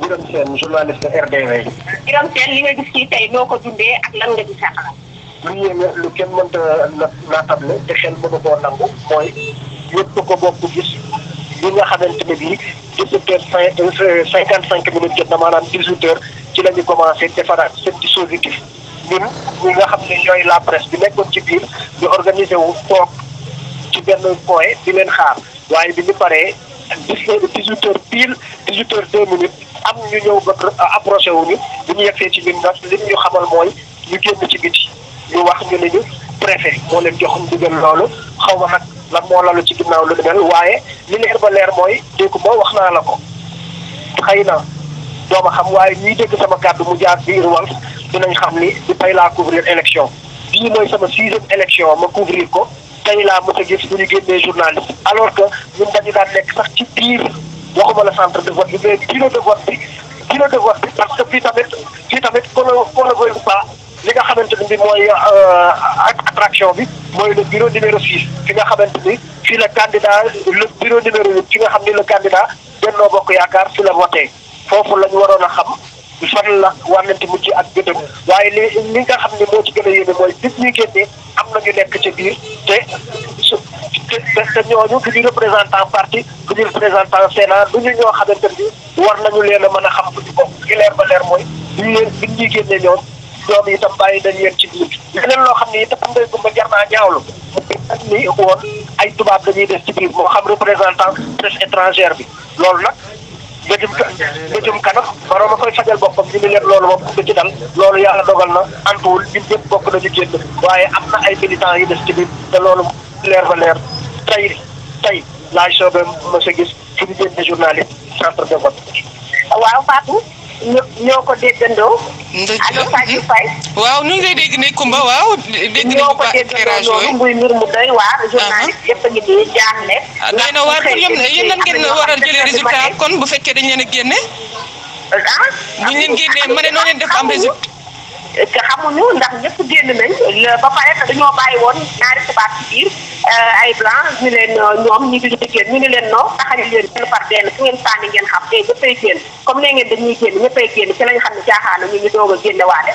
Birame Sène journaliste RDV. Birame Sène li nga gis ci tey noo ko dundee ak lan nga gis xalaat. lu yéeme lu kenn mënta naatable te xel mënu koo nangu mooy yëpp ko bokk gis li nga xamante ne bii dix-sept heures euh, cinquante cinq minutes jot na maanaam dix-huit heures ci la ñu commencé defaraat seen dispositif ñun ñi nga xam ne ñooy la presse bi nekkoon ci biir ñu organiser wu toog ci benn point di leen xaar waaye bi ñu paree. dix dix-huit heures pile minutes am ñu ñëw ba approché wuñu bu ñu yegsee ci ñun nag li ñu xamal mooy ñu génn ci biti ñu wax ñu ne ñu préfet moo leen jox ndigal loolu xaw ma nag lan moo lalu ci ginnaaw lu mel waaye li leer ba leer mooy dégg ba wax naa la ko xëy na dooma xam waaye ñuy dégg sama kàddu mu jaar biir Walf dinañ xam ni di fay laa couvrir élection bii mooy sama sixième élection ma couvrir ko tey laa mës a gis bu ñu génnee alors que ñun dañu daan nekk sax ci biir waxuma la centre de vote bi mais bureau de vote de vote bi parce que fii tamit fii tamit qu'on le veuille pas li nga xamante ni bi mooy euh, attraction bi mooy le bureau numéro six fi nga xamante ni fii la candidat le bureau numéro huit fi nga xam ni le candidat Benno Bokk Yaakaar fi la voté foofu la ñu waroon a xam fan la wànnante mujj ak gëtëm waaye li li nga xam ne moo ci gën a yéeme mooy nit ñi génnee am na ñu nekk ca biir te su te ñooñu du ñu représentant parti du ñu représentant Sénat du ñu ñoo xamante ni war nañu leen a mën a xam bu ñu bokk li leer ba leer mooy duñu leen biñ ñuy génne ñoom ñoom itam bàyyi dañ leen ci biir leneen loo xam ne itam am ndey gumba jar naa ñaawlu ni woon ay tubaab dañuy des ci biir moo xam représentant presse étrangère bi loolu nag bëjum bëjum kanax borom a koy fajal boppam ñu ni leen loolu moom ku ci dal loolu yàlla dogal na antuwul ñun ñëpp bokk nañu génn waaye am na ay militants yu des ci biir te loolu leer ba leer tey tey laaj soobee mos a gis fi ñu génne journaliste centre de vote waaw Fatou ñoo ko déggandoo. allo Fatou Faye. waaw ñu ngi lay dégg ne Kumba waaw. dégg nañu ko éclairage yooyu muy mbir mu doy waar. Ah. journaliste yëpp a ngi di jaaxle. Ah, doy na waar pour yéen ngeen war a jëlee résultat kon bu fekkee dañ leen a génne. ah bu ñu leen génnee ma ne noo leen def am résultat. te xamuñu ndax ñëpp génn nañ ba pare te dañoo bàyyi woon ñaari tubaab ci biir euh, ay blanc ñu leen euh, ñoom ñu ngi leen ñu ngi leen noo taxañ leen benn ngeen sànni ngeen xam de ñëppay génn comme nee ngeen dañuy génn ñëppay génn ci lañ xam ne jaaxaana ñu ñu doog a génne waale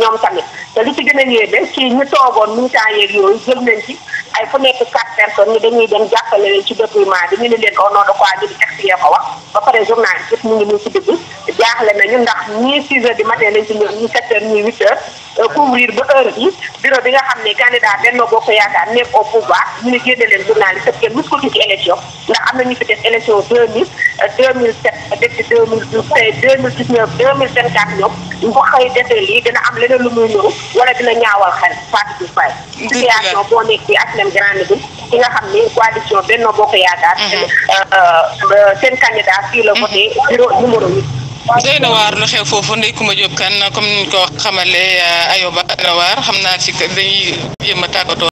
ñoom tamit te li ci gën a yéeme ci ñu toogoon saa yeeg yooyu jël nañ ci ay fu nekk quatre personnes ñu dañuy dem jàppale leen ci dépouillement bi ñu ne leen au nom de quoi ñu di texte ko wax ba pare journaliste yëpp ñu ngi nii si dugg jaaxle nañu ndax ñii six heures du si ñëw ñii sept heures ñii huit euh, ba heure bi bureau bi nga xam ne candidat Benno Bokk Yaakaar nekk au pouvoir ñu ne génne leen journaliste kenn mës ko ci élection ndax am na ñu fi def élection deux mille 2007 depuis 2012 tey 2019 2024 ñoom bu ko xëy defee lii dina am leneen lu muy ñëw wala dina ñaawal xel Fatou Diouf Faye. situation boo nekk ci HLM Grand Médine ki nga xam ni coalition Benno Bokk Yaakaar. Mhm. Euh, euh, seen candidat fii la mhm. voté bureau numéro 8. doy na waar lu xew foofu ndey Koumba Diop kan comme niñ ko xamale euh, ayoba na waar xam naa ci dañuy jéem a tàggatoo